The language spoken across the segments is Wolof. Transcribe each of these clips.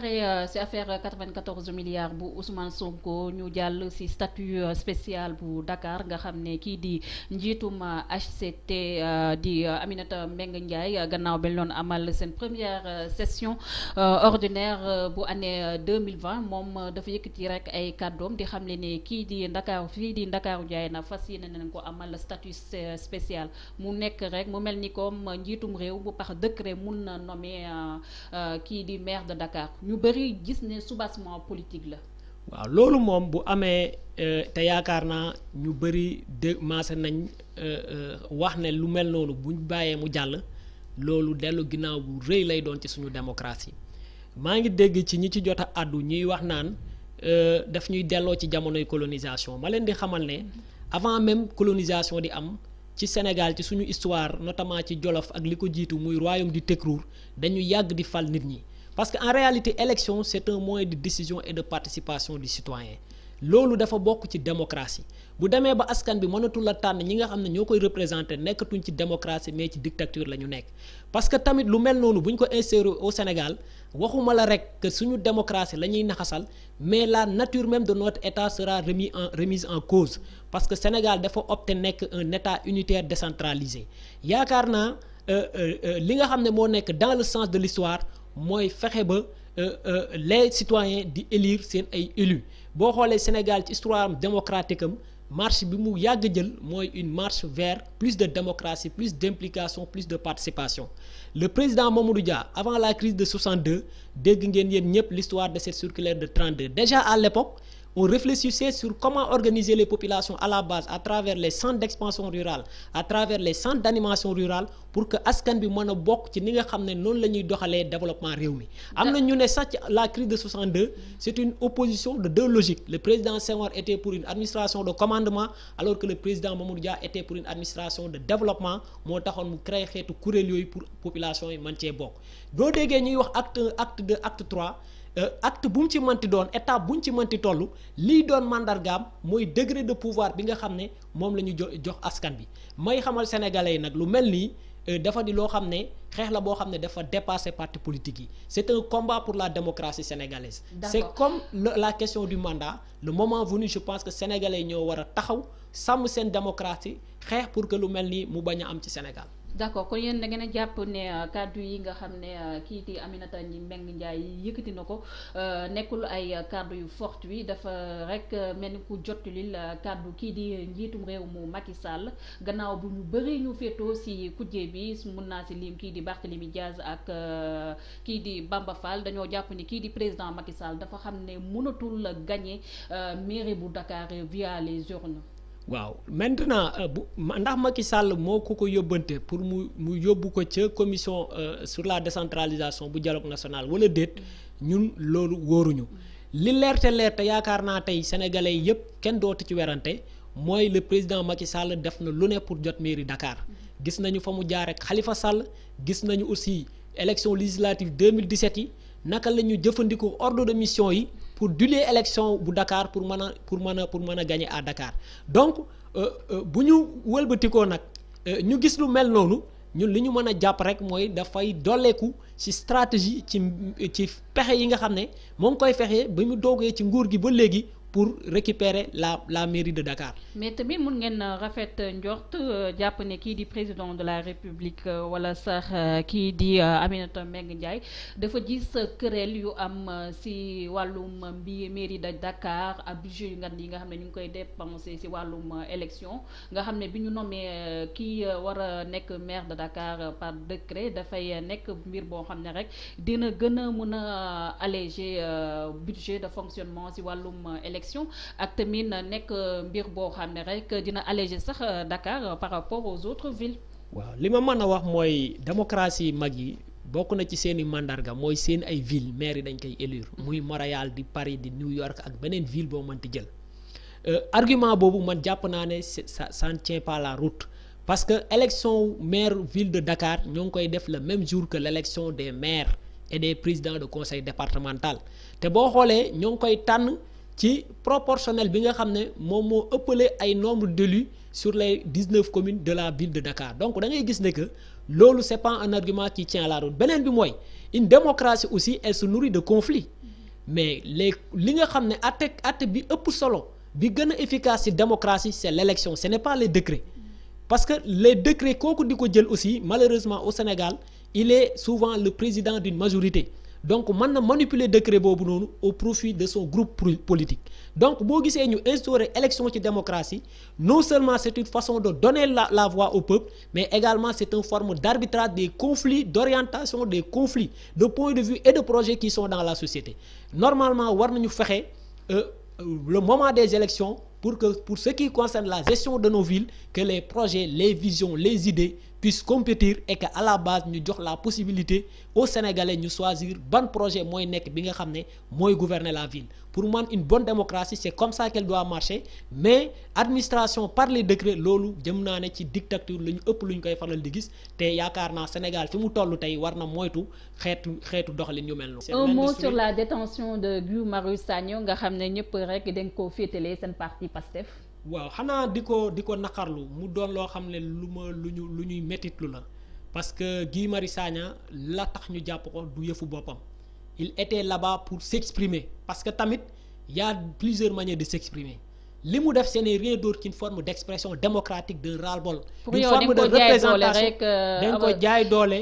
si euh, affaire 94 milliards bu Ousmane Sonko ñu jàll si statut euh, spécial bu Dakar nga xam ne kii di njiitum HCT euh, di Aminata Mbengue Ndiaye gannaaw ba loon seen première session ordinaire bu année 2020 moom dafa yëkkati rek ay kàddoom di xam le ne kii di Ndakaaru fii di Ndakaaru Ndiaye na fas yéene nañ ko amal statut spécial mu nekk rek mu mel ni comme njiitum réew bu par décret mun na nommer kii di maire de Dakar. ñu bëri gis ne soubassement politique la. waaw loolu moom bu amee euh, te yaakaar naa ñu bëri dé maase nañ euh, euh, wax ne lu mel noonu buñ bàyyee mu jàll loolu dellu ginnaaw bu rëy lay doon ci suñu démocratie maa ngi dégg ci ñi ci jot a àddu ñuy wax naan daf ñuy delloo ci jamonoy colonisation ma leen di xamal ne avant même colonisation di am ci Sénégal ci suñu histoire notament ci Jolof ak li ko jiitu muy royaume di Tekruur dañu yàgg di fal nit ñi. parce que en réalité élection c'est un moyen de décision et de participation du citoyen loolu dafa bokk ci démocratie bu demee ba askan bi mënatul la tànn ñi nga xam ne ñoo koy représenté nekkatuñ ci démocratie mais ci dictature la ñu nekk parce que tamit lu mel noonu bu ko insérer au Sénégal waxuma la rek que suñu démocratie la ñuy naxasal mais la nature même de notre état sera remis en remise en cause parce que Sénégal dafa opté nekk un état unitaire décentralisé yaakaar naa euh, euh, euh, li nga xam ne moo nekk dans le sens de mooy fexe ba euh, euh, les citoyens di élire seen ay élus boo xoolee Sénégal ci histoire am démocratique marche bi mu yàgg jël mooy une marche vers plus de démocratie plus d'implication plus de participation le président Mamadou Dia avant la crise de 62 dégg ngeen yéen ñëpp l'histoire de cette circulaire de 32 déjà à l'époque on réfléchissait sur comment organiser les populations à la base à travers les centres d'expansion rurale à travers les centres d'animation rurale pour que askan bi mën a bokk ci ni nga xam ne noonu la doxalee développement réew mi am na ñu ne sax la crise de 62 c'est une opposition de deux logiques le président Senghor était pour une administration de commandement alors que le président Mamadou Dia était pour une administration de développement moo taxoon mu créé xeetu kuréel yooyu pour Euh, acte bu mu ci manti doon étape bu mu ci mënti toll lii doon mandargaam mooy degré de pouvoir bi nga xam ne moom la ñu jo jox askan bi may xamal sénégalais yi nag lu mel nii euh, dafa di loo xam ne xeex la boo xam ne dafa dépasser parti politique yi c'est un combat pour la démocratie sénégalaise c'est comme la question du mandat le moment venu je pense que sénégalais ñoo war a taxaw sàmm seen démocratie xeex pour que lu mel nii mu bañ a am ci Sénégal d' accord kon yéen da ngeen a jàpp ne euh, kàddu yi nga xam ne euh, kii di Aminata Mbengue Ndiaye yëkkati na ko euh, nekkul ay kàddu yu fortuit dafa rek mel ni ku jottulil kàddu kii di njiitum réew mu Macky Sall gannaaw bu ñu bëri ñu féetoo si kujje bi mun naa si liim kii di Barthélémy Diaz ak kii di Bamba dañoo jàpp ni kii di président Macky Sall dafa xam ne mënatul gagné mairie bu Dakar via les urnes. waaw maintenant euh, bu ndax maki sàll moo ku ko yóbbante pour mu mu yóbbu ko ca commission euh, sur la décentralisation bu dialogue national wala déet ñun loolu wóoruñu li leerte leerte yaakaar naa tey sénégalais yépp kenn dootu ci werante mooy le président Macky Sall def na lu ne pour jot mairie Dakar gis nañu fa mu jaar ak Khalifa Sall gis nañu aussi élection législative 2017 yi naka la ñu jëfandikoo ordre de mission yi. pour duler élection bu Dakar pour mën a pour mën a pour mën a gagner à Dakar donc euh, euh, bu ñu wëlbatikoo nag euh, ñu gis lu mel noonu ñun li ñu mën a jàpp rek mooy dafay dolleeku ci stratégie ci ci pexe yi nga xam ne moo ngi koy fexe ba mu doogee ci nguur gi ba léegi pour récupérer la la mairie de Dakar. mais tamit mun ngeen euh, rafet euh, njort euh, jàpp ne kii di président de la république wala sax kii di Aminata Mbengue Ndiaye dafa sa këreel yu am si wàllum mbi mairie de Dakar ak budget yu ngan yi nga xam ne ñu ngi koy dépensé si wàllum élection nga xam ne bi ñu nommé kii war a nekk maire de Dakar par décret dafay nekk mbir boo xam ne rek dina gën a mun a alléger budget de fonctionnement si wàllum élection. élection ak tamit nekk mbir boo xam ne rek dina alléger sax euh, Dakar par rapport aux autres villes. waaw li ma mën a wax mooy démocratie mag yi. bokk na ci seen i mandarga mooy seen ay villes maire yi dañ koy élire muy Montréal di Paris di New York ak beneen ville boo mënti jël euh, argument boobu man jàpp naa ne ça ça ne tient la route parce que élection maire ville de Dakar ñoo ngi koy def le même jour que l' élection des maires et des présidents de conseil départemental ci proportionnel bi nga xam ne moom moo ëppale ay nombre d'élus sur les dix-neuf communes de la ville de Dakar donc da gis ne que loolu c'est pas un argument qui tient la beneen bi mooy une démocratie aussi elle su nourrit de conflits mais les li nga xam ne atte atte bi ëpp solo bi gën a efficace ci démocratie c'est l'élection ce n'est pas les décrets parce que les décrets kooku di ko jël aussi malheureusement au Sénégal il est souvent le président d'une majorité donc mën na manipule décret boobu noonu au profit de son groupe politique donc boo gisee ñu instaurer élection ci démocratie non seulement c'est une façon de donner la la voix au peuple mais également c'est une forme d'arbitrage des conflits d'orientation des conflits de point de vue et de projets qui sont dans la société normalement war nañu fexe euh, euh, le moment des élections pour que pour ce qui concerne la gestion de nos villes que les projets les visions puisse compétir et que à la base ñu jox la possibilité aux Sénégalais ñu choisir ban projet mooy nekk bi nga xam ne mooy gouverner la ville pour man une bonne démocratie c'est comme ça qu'elle doit marcher mais administration par les décrets loolu jëm naa ne ci dictature la ñu ëpp lu ñu koy faral di gis te yaakaar naa Sénégal fi mu toll tey war na moytu xeetu xeetu doxalin yu mel noonu. un mot sur la détention de Guy Marius Sagna nga xam ne ñëpp rek dañ koo féetalee seen parti PASTEF. waaw xanaa di ko di ko naqarlu mu doon loo xam ne lu ma lu ñu lu ñuy mettitlu la parce que Guy Marius la tax ñu jàpp ko du yëfu boppam il était laba pour s'exprimer parce que tamit yaa a plusieurs manières de s'exprimer li mu def ce n'est rien d'autre qu'une forme d'expression démocratique d'un ras-le-bol d'une forme de représentation euh, dañ ko jaay doole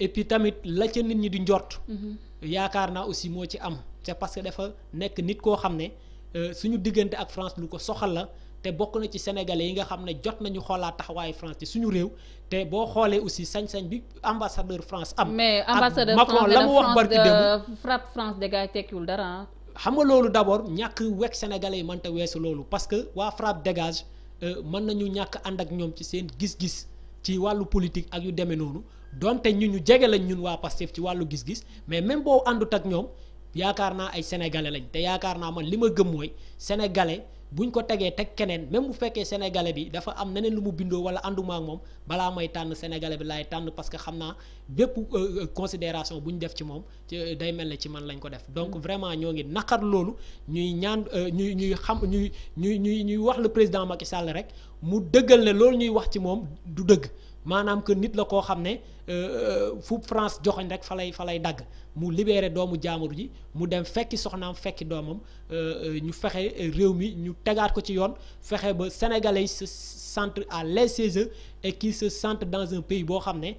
et puis tamit la ca nit ñi di njort mhm. yaakaar naa aussi moo ci am c'est parce que dafa nekk nit koo xam ne euh, suñu diggante ak France lu ko soxal te bokk na ci sénégalais yi nga xam ne jot nañu xoolaat taxawaayu France ci suñu réew te boo xoolee aussi sañ-sañ bi ambassadeur France am. mais ambassadeur Macron la mu wax barki démb euh, frappe tekkiwul dara xam nga loolu d' abord ñàkk wekk sénégalais yi mënta weesu loolu parce que waa frappe dégage euh, mën nañu ñàkk ànd ak ñoom ci seen gis-gis ci wàllu politique ak yu demee noonu donte ñun ñu jege lañ ñun waa Pastef ci wàllu gis-gis mais même boo àndut ak ñoom yaakaar naa ay sénégalais lañ te yaakaar naa man li ma gëm mooy sénégalais. buñ ko tegee teg keneen même bu fekkee sénégalais bi dafa am neneen lu mu bindoo wala ànduma moom balaa mooy tànn sénégalais bi laay tànn parce que xam naa bépp euh, euh, considération bu ñu def ci moom ci euh, day mel ne ci man lañ ko def donc mm-hmm. vraiment ñoo ngi naqar loolu ñuy ñaan ñuy ñuy xam ñuy ñuy ñuy ñuy wax le président Macky Sall rek mu dëggal ne loolu ñuy wax ci moom du dëgg maanaam que nit la koo xam ne fu France joxoñ rek fa lay fa lay dagg mu libéré doomu jaamur ji mu dem fekki soxnaam fekki doomam Euh, ñu fexe réew mi ñu tegaat ko ci yoon fexe ba sénégalais se sentent à l'aise chez eux et qu'ils se sentent dans un pays boo xam ne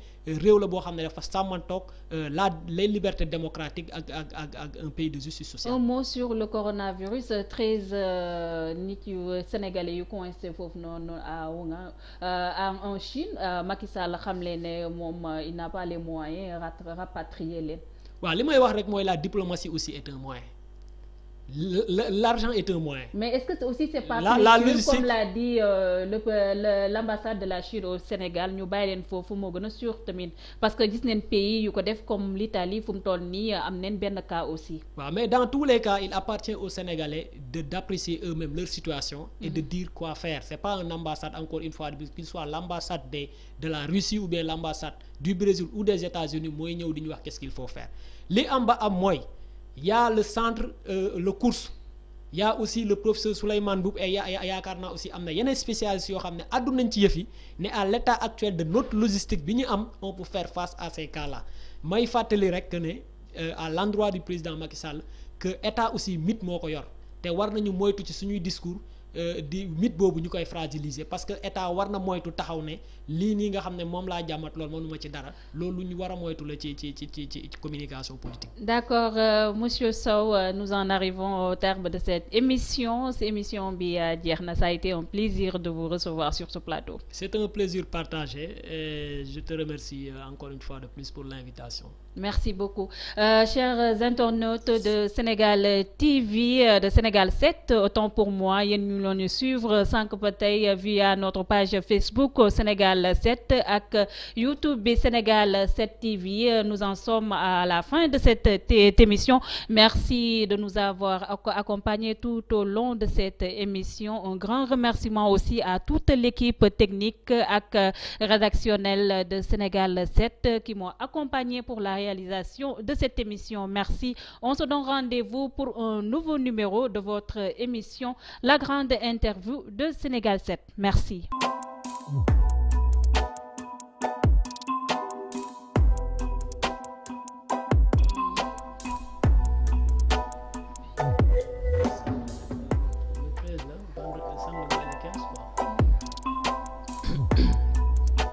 réew la boo xam ne dafa sàmmantoog euh, la les libertés démocratiques ak ak ak ak un pays de justice sociale. un mot sur le coronavirus treize euh, nit yu sénégalais yu coincé foofu noonu à Wuhan en Chine Macky Sall xamle ne moom il n'a pas moyen moyens rapatrier leen. waaw li may wax rek mooy la diplomatie aussi est un moyen. l'argent est un moyen. mais est-ce que aussi c'est la la logistique comme l'a dit euh, de la Chine au Sénégal ñu bàyyi leen foofu moo gën a sûr tamit parce que gis neen pays yu ko def comme l'Italie fu mu toll nii am neen benn cas aussi. waaw mais dans tous les cas il appartient aux Sénégalais de d'apprécier eux-mêmes leur situation. et de mm-hmm. dire quoi faire c'est pas un ambassade encore une fois qu'il soit l'ambassade des de la Russie ou bien l'ambassade du Brésil ou des États-Unis mooy ñëw di ñu wax qu'est-ce qu'il faut faire li am ba am mooy. y a le centre euh, le cours y aussi le professeur Souleymane Boub et ya yaakaar naa aussi am na yeneen spécialistes yoo xam ne addu nañ ci yëfi yi ne à l' état actuel de notre logistique bi ñu am on peut faire face à ces cas may fàttali rek ne euh, à l' endroit du président Macky Sall que état aussi mit moo ko yor te war nañu moytu ci suñuy discours. Euh, di mythe boobu ñu koy fragiliser parce que état war na moytu taxaw ne lii ni nga xam ne moom laa jàmmat lool mënuma ci dara lu ñu war a moytu la ci ci ci ci ci communication politique. d'accord euh, monsieur Sow euh, nous en arrivons au terme de cette émission cette émission bi euh, jeex na ça a été un plaisir de vous recevoir sur ce plateau. c'est un plaisir partagé je te remercie encore une fois de plus pour l'invitation. merci beaucoup euh, chers internautes de Sénégal TV de Sénégal 7 doon ñu suivre sànq ba tey via notre page Facebook Sénégal 7 ak YouTube bi Sénégal 7 TV nous en sommes à la fin de cette émission merci de nous avoir accompagnés tout au long de cette émission un grand remerciement aussi à toute l'équipe technique ak rédactionnelle de Sénégal 7 qui m'ont accompagné pour la réalisation de cette émission merci on se donne rendez-vous pour un nouveau numéro de votre émission La Grande de interview de Sénégal 7. Merci.